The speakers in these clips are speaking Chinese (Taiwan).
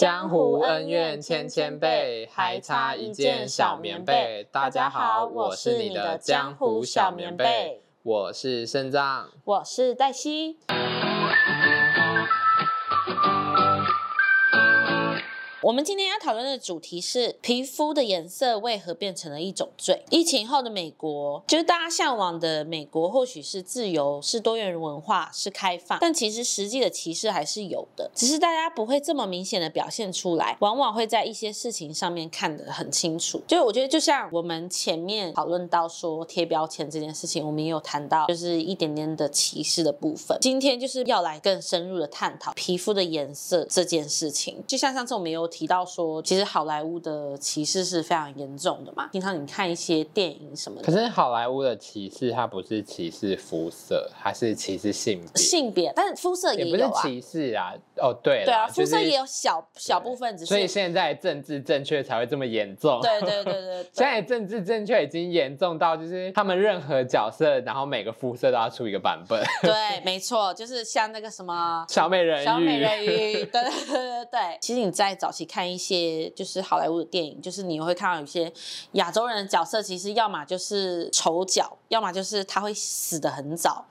江湖恩怨千千倍，還差一件小棉被。大家好，我是你的江湖小棉被，我是腎臟，我是黛西。我們今天要討論的主題是皮膚的顏色為何變成了一種罪？疫情後的美國，就是大家嚮往的美國，或許是自由，是多元文化，是開放，但其實實際的歧視還是有的，只是大家不會這麼明顯的表現出來，往往會在一些事情上面看得很清楚。就是我覺得，就像我們前面討論到說貼標籤這件事情，我們也有談到，就是一點點的歧視的部分。今天就是要來更深入的探討皮膚的顏色這件事情。就像上次我們有。提到說，其實好萊塢的歧視是非常嚴重的嘛。平常你看一些電影什麼的，可是好萊塢的歧視，它不是歧視膚色，它是歧視性別。性別，但是膚色也、也不是歧視啊。哦，對，對啊，膚、就是、色也有小小部分，對只是所以現在政治正確才會這麼嚴重。對對對對，對， 現在政治正確已經嚴重到就是他們任何角色， 然後每個膚色都要出一個版本。對， 沒錯，就是像那個什麼小美人魚。小美人魚， 對，對，對，對對對。其實你在早期看一些就是好萊塢的電影，就是你會看到有些亞洲人的角色，其實要麼就是丑角，要麼就是他會死得很早，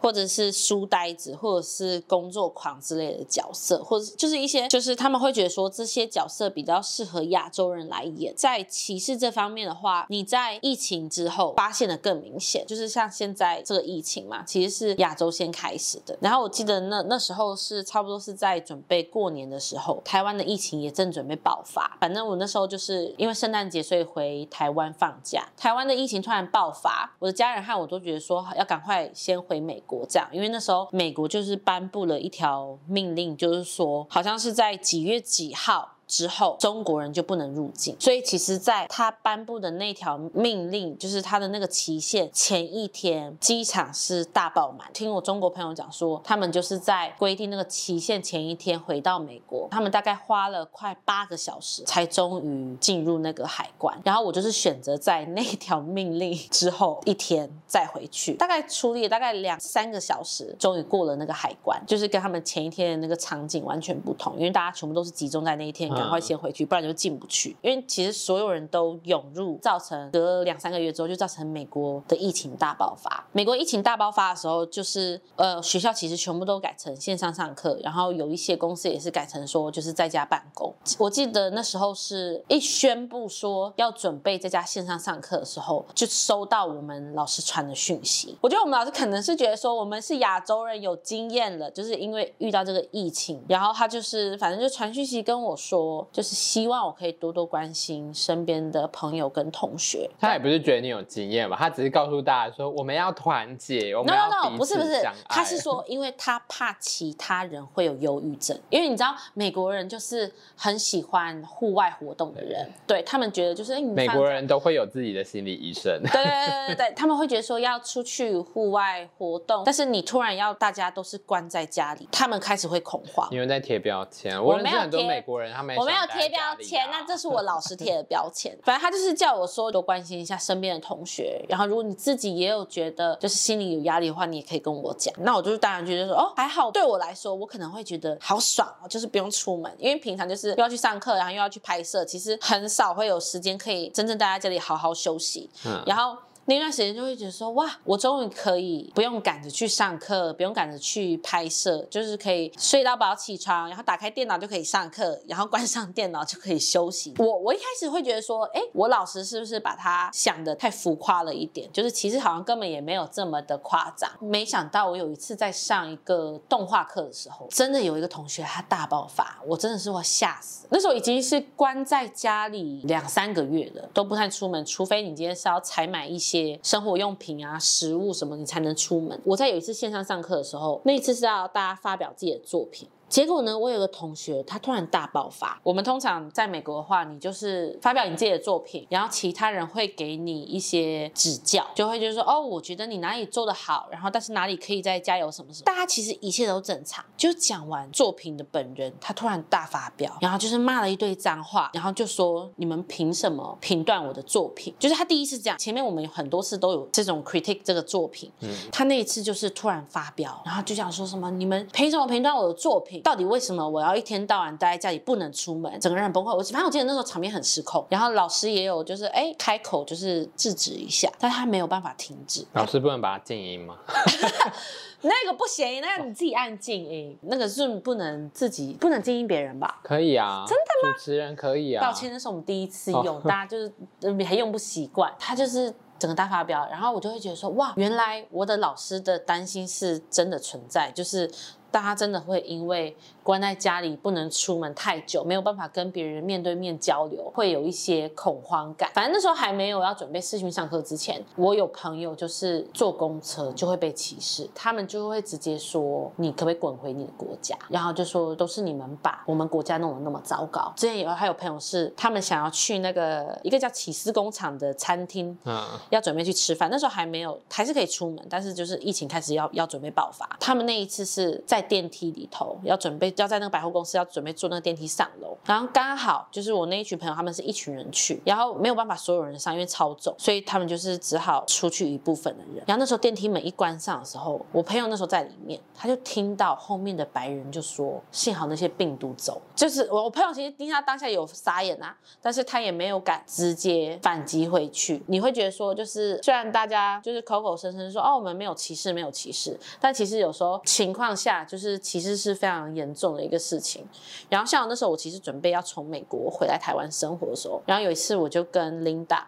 或者是書呆子，或者是工作狂之類的角。色或者就是一些，就是他們會覺得說這些角色比較適合亞洲人來演。在歧視這方面的話，你在疫情之後發現的更明顯，就是像現在這個疫情嘛，其實是亞洲先開始的。然後我記得那那時候是差不多是在準備過年的時候，台灣的疫情也正準備爆發。反正我那時候就是因為聖誕節，所以回台灣放假，台灣的疫情突然爆發，我的家人和我都覺得說要趕快先回美國，這樣，因為那時候美國就是頒布了一條命令。就是說，好像是在幾月幾號。之後中國人就不能入境，所以其實，在他頒布的那條命令，就是他的那個期限前一天，機場是大爆滿。聽我中國朋友講說，他們就是在規定那個期限前一天回到美國，他們大概花了快八個小時才終於進入那個海關。然後我就是選擇在那條命令之後一天再回去，大概處理了大概兩三個小時，終於過了那個海關，就是跟他們前一天的那個場景完全不同，因為大家全部都是集中在那一天。嗯趕快先回去，不然就進不去。因為其實所有人都湧入，造成隔了兩三個月之後，就造成美國的疫情大爆發。美國疫情大爆發的時候，就是呃，學校其實全部都改成線上上課，然後有一些公司也是改成說就是在家辦公。我記得那時候是一宣布說要準備在家線上上課的時候，就收到我們老師傳的訊息。我覺得我們老師可能是覺得說我們是亞洲人有經驗了，就是因為遇到這個疫情，然後他就是反正就傳訊息跟我說。就是希望我可以多多關心身邊的朋友跟同學。他也不是覺得你有經驗吧？他只是告訴大家說我，我們要團結。no no，, no 不是不是，他是說，因為他怕其他人會有憂鬱症。因為你知道，美國人就是很喜歡戶外活動的人，對,對,對,對他們覺得就是，欸、美國人都會有自己的心理醫生。對對對對,對 他們會覺得說要出去戶外活動，但是你突然要大家都是關在家裡，他們開始會恐慌。因為在貼標籤、啊，我,我沒有，我認識很多美國人，okay, 他們。我沒有貼標籤，那這是我老師貼的標籤。 反正他就是叫我說多關心一下身邊的同學。然後如果你自己也有覺得就是心裡有壓力的話，你也可以跟我講。那我就是當然覺得說哦，還好，對我來說，我可能會覺得好爽哦，就是不用出門，因為平常就是又要去上課，然後又要去拍攝，其實很少會有時間可以真正待在家裡好好休息。嗯，然後。那段時間就會覺得說哇，我終於可以不用趕着去上課，不用趕着去拍攝，就是可以睡到飽起床，然後打開電腦就可以上課，然後關上電腦就可以休息。我我一開始會覺得說，哎，我老師是不是把他想的太浮誇了一點？就是其實好像根本也沒有這麼的誇張。沒想到我有一次在上一個動畫課的時候，真的有一個同學他大爆發，我真的是我嚇死。那時候已經是關在家裡兩三個月了，都不太出門，除非你今天是要採買一些。些生活用品啊、食物什麼，你才能出門。我在有一次線上上課的時候，那一次是要大家發表自己的作品。結果呢？我有個同學，他突然大爆發。我們通常在美國的話，你就是發表你自己的作品，然後其他人會給你一些指教，就會就是說，哦，我覺得你哪裡做得好，然後但是哪裡可以再加油什麼什麼。大家其實一切都正常，就講完作品的本人，他突然大發飆，然後就是罵了一堆髒話，然後就說，你們憑什麼評斷我的作品？就是他第一次講，前面我們有很多次都有這種 critique 這個作品，嗯，他那一次就是突然發飆，然後就想說什麼，你們憑什麼評斷我的作品？到底為什麼我要一天到晚待在家裡不能出門，整個人很崩潰。我反正我記得那時候場面很失控，然後老師也有就是哎、欸、開口就是制止一下，但他沒有辦法停止。老師不能把他靜音嗎？ 那個不行，那個、你自己按靜音。哦、那個 Zoom 不能自己不能靜音別人吧？可以啊， 真的嗎？主持人可以啊。抱歉，那是我們第一次用，哦、大家就是還用不習慣，他就是整個大發飆，然後我就會覺得說哇，原來我的老師的擔心是真的存在，就是。大家真的會因為關在家裡不能出門太久，沒有辦法跟別人面對面交流，會有一些恐慌感。反正那時候還沒有要準備視訊上課之前，我有朋友就是坐公車就會被歧視，他們就會直接說：“你可不可以滾回你的國家？”然後就說：“都是你們把我們國家弄得那麼糟糕。”之前有還有朋友是他們想要去那個一個叫“起司工廠”的餐廳，嗯，要準備去吃飯。那時候還沒有還是可以出門，但是就是疫情開始要要準備爆發。他們那一次是在。在電梯裡頭要準備，要在那個百貨公司要準備坐那個電梯上樓。然後剛好就是我那一群朋友，他們是一群人去，然後沒有辦法所有人上，因為超重，所以他們就是只好出去一部分的人。然後那時候電梯門一關上的時候，我朋友那時候在裡面，他就聽到後面的白人就說：“幸好那些病毒走。”就是我我朋友其實聽他當下有傻眼啊，但是他也沒有敢直接反擊回去。你會覺得說，就是雖然大家就是口口聲聲說哦我們沒有歧視，沒有歧視，但其實有時候情況下就是歧視是非常嚴重的一個事情。然後像我那時候，我其實。準備要從美國回來台灣生活的時候，然後有一次我就跟 Linda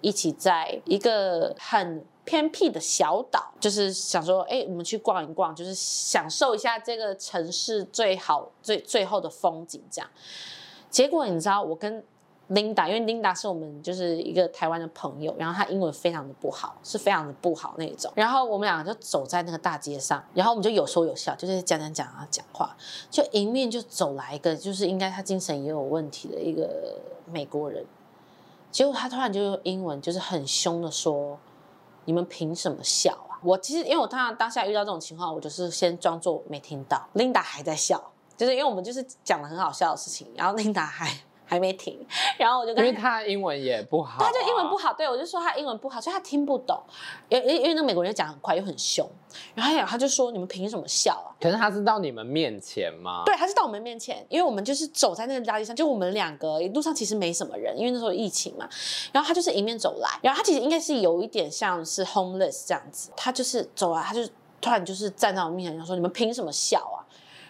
一起在一個很偏僻的小島，就是想說，誒，我們去逛一逛，就是享受一下這個城市最好，最最後的風景。這樣，結果你知道我跟。琳達，Linda，因為琳達是我們就是一個台灣的朋友，然後他英文非常的不好，是非常的不好那種。然後我們倆就走在那個大街上，然後我們就有說有笑，就是講講講啊，講話，就迎面就走來一個，就是應該他精神也有問題的一個美國人。結果他突然就用英文就是很凶的說：“你們憑什麼笑啊？”我其實因為我當當下遇到這種情況，我就是先裝作沒聽到。琳達還在笑，就是因為我們就是講了很好笑的事情，然後琳達還。還沒停，然後我就感覺，因為他英文也不好、啊，他就英文不好，對，我就說他英文不好，所以他聽不懂。因因因為那個美國人就講很快又很凶，然後他，他就說你們憑什麼笑啊？可是他是到你們面前嗎？對，他是到我們面前，因為我們就是走在那個垃圾箱，就我們兩個一路上其實沒什麼人，因為那時候疫情嘛。然後他就是迎面走來，然後他其實應該是有一點像是 homeless 這樣子，他就是走來，他就突然就是站在我面前，想說你們憑什麼笑啊？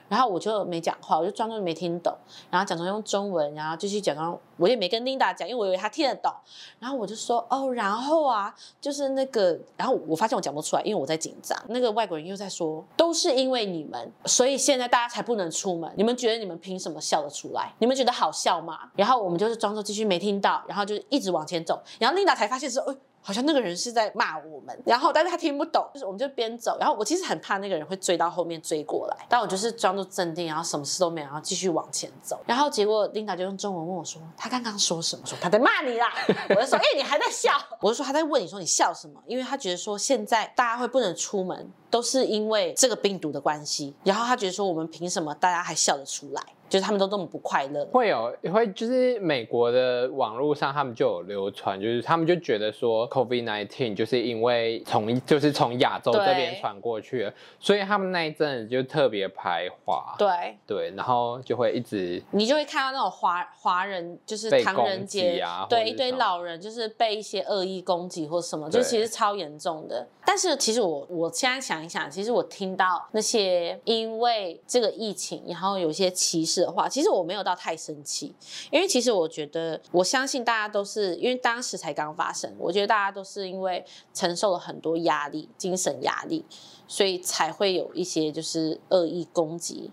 然後我就沒講話，我就裝作沒聽懂，然後假裝用中文，然後繼續假裝我也沒跟琳達講，因為我以為她聽得懂。然後我就說哦，然後啊，就是那個，然後我發現我講不出來，因為我在緊張。那個外國人又在說，都是因為你們，所以現在大家才不能出門。你們覺得你們憑什麼笑得出來？你們覺得好笑嗎？然後我們就是裝作繼續沒聽到，然後就一直往前走。然後琳達才發現說，哎。好像那個人是在罵我們，然後但是他聽不懂，就是我們就邊走，然後我其實很怕那個人會追到後面追過來，但我就是裝作鎮定，然後什麼事都沒有，然後繼續往前走。然後結果 Linda 就用中文問我說：“他剛剛說什麼？說他在罵你啦？”我就說：“哎、欸，你還在笑？” 我就說：“她在問你說你笑什麼？因為他覺得說現在大家會不能出門，都是因為這個病毒的關係。然後他覺得說我們憑什麼大家還笑得出來？”就是他們都這麼不快樂，會有也會就是美國的網絡上他們就有流傳，就是他們就覺得說 COVID nineteen 就是因為從就是從亞洲這邊傳過去，對所以他們那一陣子就特別排華，對對，然後就會一直你就會看到那種華華人就是唐人街、啊、對一堆老人就是被一些惡意攻擊或什麼，對就其實超嚴重的。但是其實我我現在想一想，其實我聽到那些因為這個疫情，然後有些歧視。的話，其實我沒有到太生氣，因為其實我覺得，我相信大家都是，因為當時才剛發生，我覺得大家都是因為承受了很多壓力，精神壓力，所以才會有一些就是惡意攻擊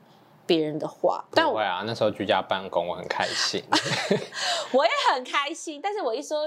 別人的話。但我啊，那時候居家辦公，我很開心， 我也很開心。但是我一說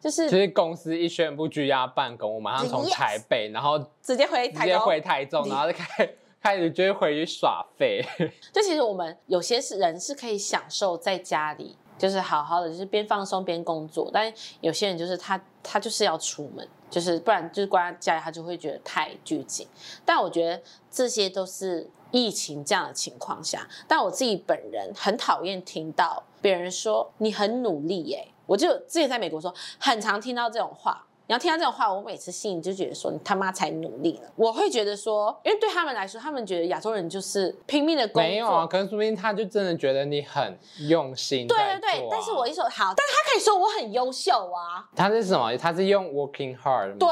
就是，就是公司一宣布居家辦公，我馬上從台北，然後直接回直接回台中，台中然後就開始。開始就回去耍廢。就其實我們有些是人是可以享受在家裡，就是好好的，就是邊放鬆邊工作。但有些人就是他，他就是要出門，就是不然就是關在家裡，他就會覺得太拘謹。但我覺得這些都是疫情這樣的情況下。但我自己本人很討厭聽到別人說你很努力耶、欸，我就自己在美國說很常聽到這種話。你要聽到這種話，我每次心裡就覺得說你他媽才努力了。我會覺得說，因為對他們來說，他們覺得亞洲人就是拼命的工作。沒有啊，可能說不定他就真的覺得你很用心，啊。對對對，但是我一說好，但他可以說我很優秀啊。他是什麼？他是用 working hard。對。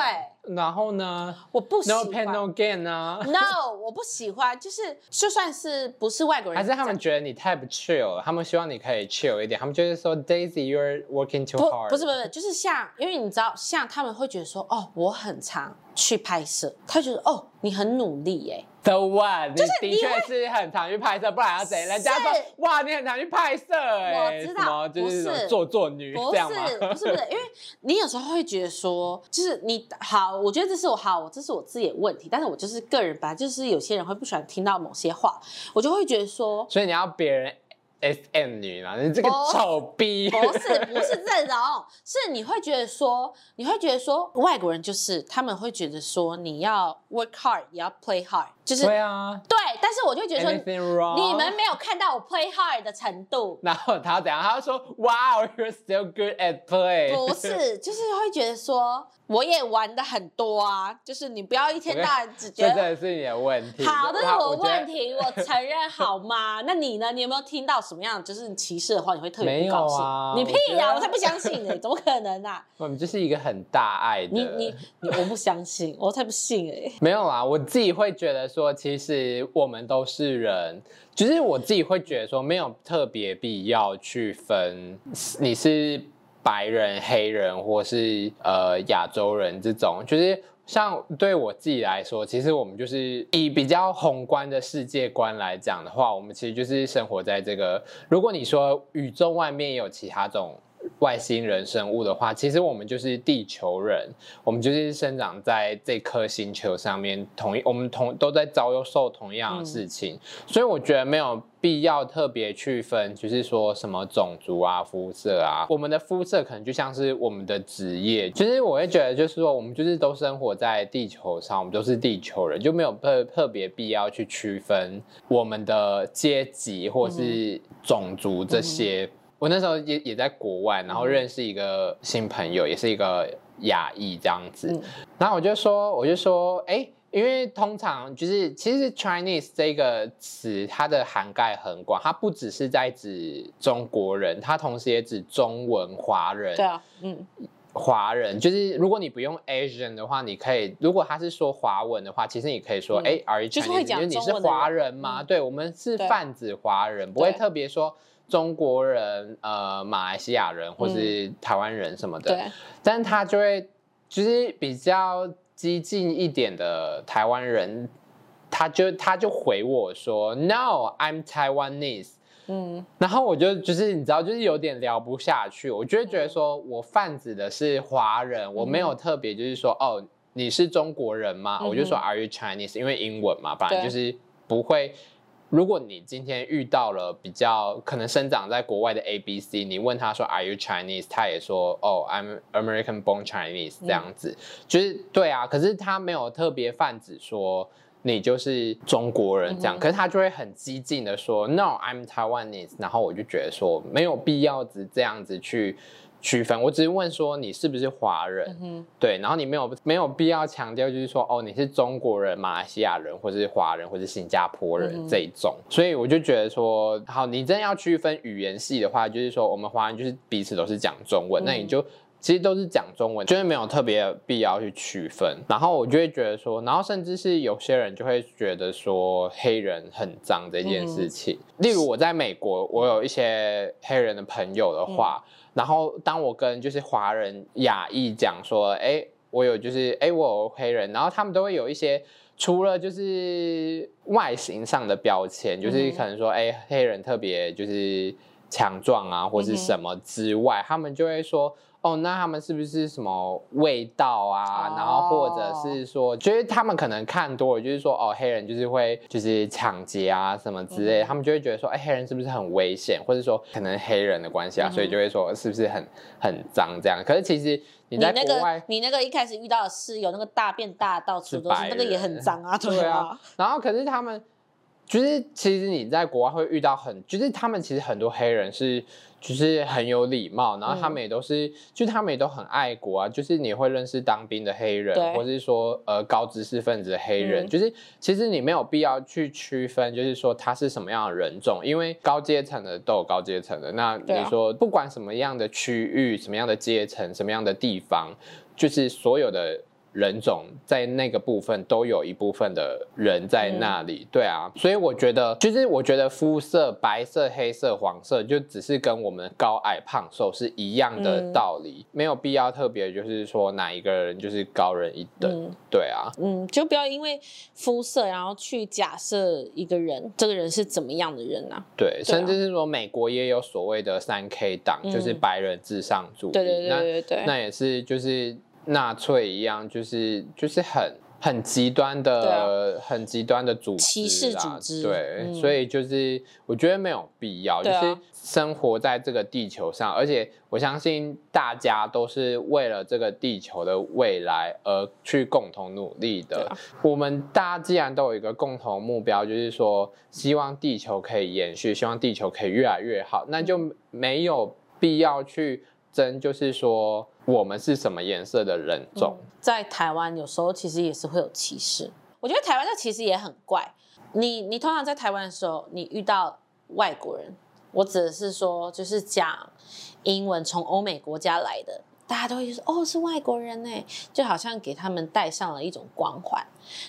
然後呢？我不喜歡。No pain, no gain 啊！No，我不喜歡，就是就算是不是外國人，還是他們覺得你太不 chill 了。他們希望你可以 chill 一點。他們就是說，Daisy，you're working too hard。不,不是，不是，就是像，因為你知道，像他們會覺得說，哦，我很常去拍攝，他就覺得哦，你很努力誒。The one，你，你的確是很常去拍攝，是不然要怎樣？人家說是哇，你很常去拍攝哎，欸，我知道什麼就是做做作女不，是這樣嗎？不是不是，因為你有時候會覺得說，就是你好，我覺得這是我好，這是我自己的問題。但是我就是個人吧，就是有些人會不喜歡聽到某些話，我就會覺得說，所以你要別人 S M 女啦？你這個醜逼！不是 不是這種，是你會覺得說，你會覺得說，外國人就是他們會覺得說，你要 work hard，也要 play hard。就是對啊，對，但是我就覺得說，Anything wrong? 你們沒有看到我 play hard 的程度。然後他怎樣？他說，Wow, you're still good at play。不是，就是會覺得說，我也玩的很多啊，就是你不要一天到晚只覺得、okay. 是你的問題。好，這是我問題，我，我承認好嗎？那你呢？你有沒有聽到什麼樣就是你歧視的話？你會特別不高興？啊、你屁呀、啊！我，我才不相信呢、欸，怎麼可能呢、啊？我們就是一個很大愛的。你你，你你我不相信，我才不信哎、欸。 沒有啊，我自己會覺得。說，其實我們都是人，只、就是我自己會覺得說，沒有特別必要去分你是白人、黑人，或是呃亞洲人這種。就是像對我自己來說，其實我們就是以比較宏觀的世界觀來講的話，我們其實就是生活在這個。如果你說宇宙外面也有其他種。外星人生物的話，其實我們就是地球人，我們就是生長在這顆星球上面，同一我們同都在遭受同樣的事情，嗯、所以我覺得沒有必要特別區分，就是說什麼種族啊、膚色啊，我們的膚色可能就像是我們的職業，其實我會覺得就是說，我們就是都生活在地球上，我們都是地球人，就沒有特特別必要去區分我們的階級或者是種族這些、嗯。嗯我那時候也也在國外，然後認識一個新朋友，嗯、也是一個亞裔這樣子。嗯、然後我就說，我就說，哎，因為通常就是其實 Chinese 這個詞，它的涵蓋很廣，它不只是在指中國人，它同時也指中文華人。對啊，嗯，華人就是，如果你不用 Asian 的話，你可以，如果他是說華文的話，其實你可以說，哎，Are you Chinese？因為你是華人嗎？嗯、對，我們是泛指華人，對不會特別說。中國人，呃，馬來西亞人，或是台灣人什麼的，嗯、但他就會就是比較激進一點的台灣人，他就他就回我說，No，I'm Taiwanese。嗯，然後我就就是你知道，就是有點聊不下去，我就會覺得說我泛指的是華人，嗯、我沒有特別就是說哦你是中國人嗎？嗯、我就說、嗯、Are you Chinese，因為英文嘛，反正就是不會。如果你今天遇到了比較可能生長在國外的 A、B、C，你問他說 “Are you Chinese？” 他也說、oh, I'm American born Chinese, 嗯“哦，I'm American-born Chinese” 這樣子，就是對啊，可是他沒有特別泛指說你就是中國人這樣，嗯、可是他就會很激進的說 “No，I'm Taiwanese”，然後我就覺得說沒有必要只這樣子去。區分，我只是問說你是不是華人，嗯、哼對，然後你沒有沒有必要強調就是說哦你是中國人、馬來西亞人或是華人或是新加坡人、嗯、哼這一種，所以我就覺得說好，你真要區分語言系的話，就是說我們華人就是彼此都是講中文，嗯、那你就。其實都是講中文，就是沒有特別的必要去區分。然後我就會覺得說，然後甚至是有些人就會覺得說黑人很髒這件事情。Mm hmm. 例如我在美國，我有一些黑人的朋友的話，mm hmm. 然後當我跟就是華人亞裔講說，哎、mm hmm.，我有就是哎我有黑人，然後他們都會有一些除了就是外形上的標籤，就是可能說哎、mm hmm. 黑人特別就是強壯啊，或是什麼之外，mm hmm. 他們就會說。哦，oh, 那他們是不是什麼味道啊？Oh. 然後或者是說，就是他們可能看多了，就是說，哦，黑人就是會就是搶劫啊什麼之類，mm hmm. 他們就會覺得說，哎，黑人是不是很危險？或者說，可能黑人的關係啊，mm hmm. 所以就會說，是不是很很髒這樣？可是其實你在國外，你，那個、你那個一開始遇到的室友，那個大便大到處都是，是那個也很髒啊，對，對啊。然後可是他們，就是其實你在國外會遇到很，就是他們其實很多黑人是。就是很有禮貌，然後他們也都是，嗯、就是他們也都很愛國啊。就是你會認識當兵的黑人，對或是說呃高知識分子的黑人，嗯、就是其實你沒有必要去區分，就是說他是什麼樣的人種，因為高階層的都有高階層的。那你說、啊、不管什麼樣的區域、什麼樣的階層、什麼樣的地方，就是所有的。人種在那個部分都有一部分的人在那裡，嗯、對啊，所以我覺得，就是我覺得膚色白色、黑色、黃色，就只是跟我們高矮胖瘦是一樣的道理，嗯、沒有必要特別就是說哪一個人就是高人一等，嗯、對啊，嗯，就不要因為膚色然後去假設一個人，這個人是怎麼樣的人啊？對，對啊、甚至是說美國也有所謂的三 K 黨，嗯、就是白人至上主義對、嗯、那對對對對，那也是就是。納粹一樣、就是，就是就是很很極端的、啊、很極端的組織啊，對，嗯、所以就是我覺得沒有必要，啊、就是生活在這個地球上，而且我相信大家都是為了這個地球的未來而去共同努力的。啊、我們大家既然都有一個共同目標，就是說希望地球可以延續，希望地球可以越來越好，那就沒有必要去。真就是說，我們是什麼顏色的人種。嗯，在台灣有時候其實也是會有歧視。我覺得台灣這其實也很怪。你你通常在台灣的時候，你遇到外國人，我指的是說就是講英文，從歐美國家來的，大家都會說哦，是外國人呢，就好像給他們帶上了一種光環。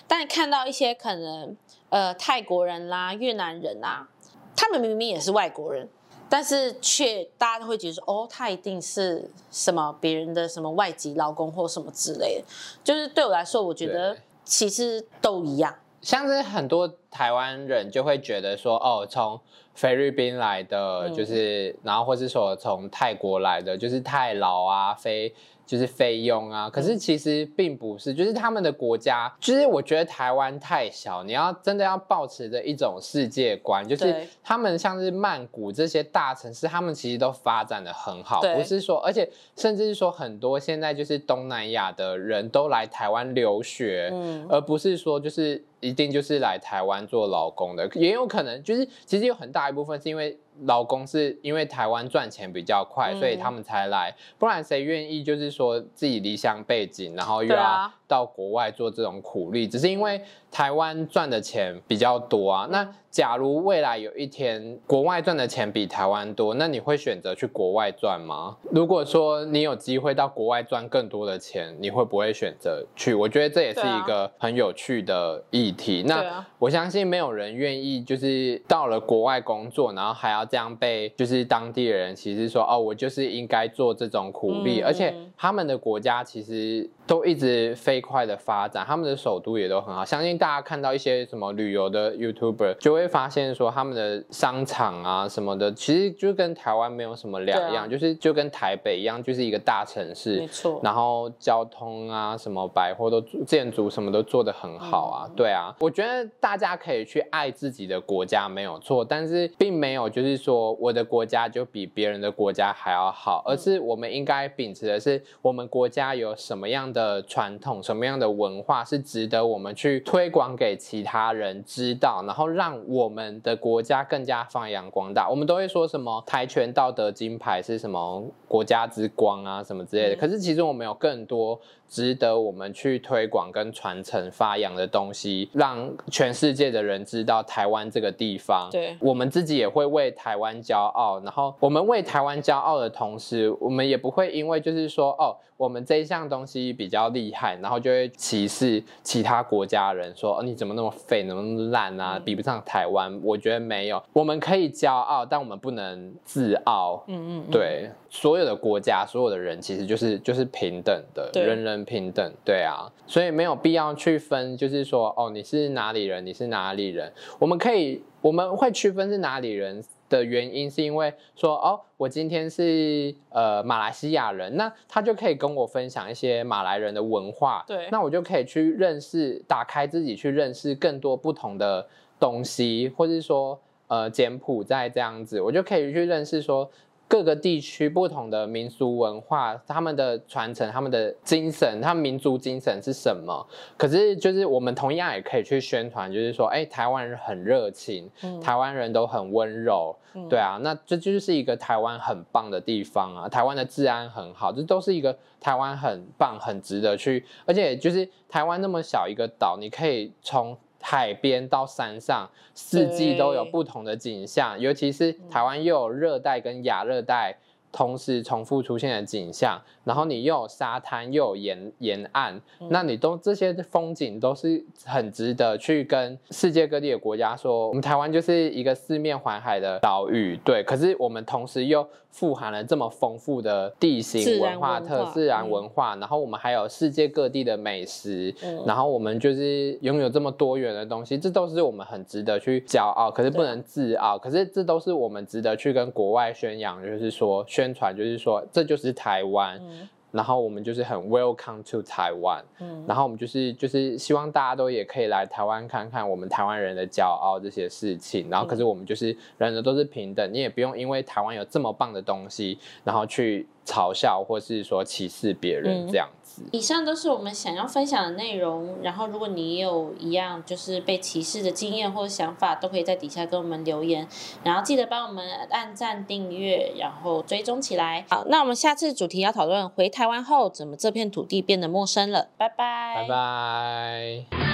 但看到一些可能呃泰國人啦、啊、越南人啊，他們明明也是外國人。但是卻大家都會覺得說，哦，他一定是什麼別人的什麼外籍老公或什麼之類的。就是對我來說，我覺得其實都一樣。像是很多台灣人就會覺得說，哦，從菲律賓來的，就是、嗯、然後或是說從泰國來的，就是泰勞啊，菲。就是費用啊，可是其實並不是，就是他們的國家，其實、嗯、我覺得台灣太小，你要真的要抱持着一種世界觀，就是他們像是曼谷這些大城市，他們其實都發展得很好，對不是說，而且甚至是說很多現在就是東南亞的人都來台灣留學，嗯、而不是說就是一定就是來台灣做勞工的，也有可能就是其實有很大一部分是因為。老公是因為台灣賺錢比較快，嗯、所以他們才來，不然誰願意就是說自己離鄉背井，然後又要到國外做這種苦力？啊、只是因為台灣賺的錢比較多啊。嗯、那假如未來有一天國外賺的錢比台灣多，那你會選擇去國外賺嗎？如果說你有機會到國外賺更多的錢，你會不會選擇去？我覺得這也是一個很有趣的議題。啊、那。我相信沒有人願意，就是到了國外工作，然後還要這樣被就是當地人其實說哦，我就是應該做這種苦力，嗯嗯，而且他們的國家其實都一直飛快的發展，他們的首都也都很好。相信大家看到一些什麼旅遊的 YouTuber 就會發現，說他們的商場啊什麼的，其實就跟台灣沒有什麼兩樣，啊、就是就跟台北一樣，就是一個大城市。沒錯。然後交通啊什麼百貨都建築什麼都做得很好啊，嗯、對啊，我覺得大。大家可以去愛自己的國家沒有錯，但是並沒有就是說我的國家就比別人的國家還要好，嗯、而是我們應該秉持的是我們國家有什麼樣的傳統、什麼樣的文化是值得我們去推廣給其他人知道，然後讓我們的國家更加發揚光大。我們都會說什麼跆拳道得金牌是什麼國家之光啊什麼之類的，嗯、可是其實我們有更多值得我們去推廣跟傳承發揚的東西，讓全世界世界的人知道台灣這個地方，對我們自己也會為台灣驕傲。然後我們為台灣驕傲的同時，我們也不會因為就是說哦，我們這一項東西比較厲害，然後就會歧視其他國家人說，說哦，你怎麼那麼廢，你怎麼那麼爛啊，嗯、比不上台灣。我覺得沒有，我們可以驕傲，但我們不能自傲。嗯，嗯嗯，對。所有的國家，所有的人其實就是就是平等的，對人人平等，對啊，所以沒有必要區分，就是說，哦，你是哪裡人，你是哪裡人，我們可以我們會區分是哪裡人的原因，是因為說，哦，我今天是呃馬來西亞人，那他就可以跟我分享一些馬來人的文化，對，那我就可以去認識，打開自己去認識更多不同的東西，或是說，呃，柬埔寨這樣子，我就可以去認識說。各個地區不同的民俗文化，他們的傳承，他們的精神，他們民族精神是什麼？可是就是我們同樣也可以去宣傳，就是說，哎、欸，台灣人很熱情，台灣人都很溫柔，嗯、對啊，那這就是一個台灣很棒的地方啊！台灣的治安很好，這都是一個台灣很棒、很值得去，而且就是台灣那麼小一個島，你可以從，海邊到山上，四季都有不同的景象。對尤其是台灣又有熱帶跟亞熱帶同時重複出現的景象，嗯、然後你又有沙灘又有沿沿岸，嗯、那你都這些風景都是很值得去跟世界各地的國家說，我們台灣就是一個四面環海的島嶼。對，可是我們同時又。富含了這麼豐富的地形、文化特、自然文化，然後我們還有世界各地的美食，嗯、然後我們就是擁有這麼多元的東西，這都是我們很值得去驕傲，可是不能自傲，對可是這都是我們值得去跟國外宣揚，就是說宣傳，就是說這就是台灣。嗯然後我們就是很 welcome to 台灣。嗯，然後我們就是就是希望大家都也可以來台灣看看我們台灣人的驕傲這些事情，然後可是我們就是人人都是平等，你也不用因為台灣有這麼棒的東西，然後去。嘲笑或是說歧視別人這樣子，嗯，以上都是我們想要分享的內容。然後，如果你有一樣就是被歧視的經驗或想法，都可以在底下跟我們留言。然後記得幫我們按讚、訂閱，然後追蹤起來。好，那我們下次主題要討論回台灣後，怎麼這片土地變得陌生了。拜拜，拜拜。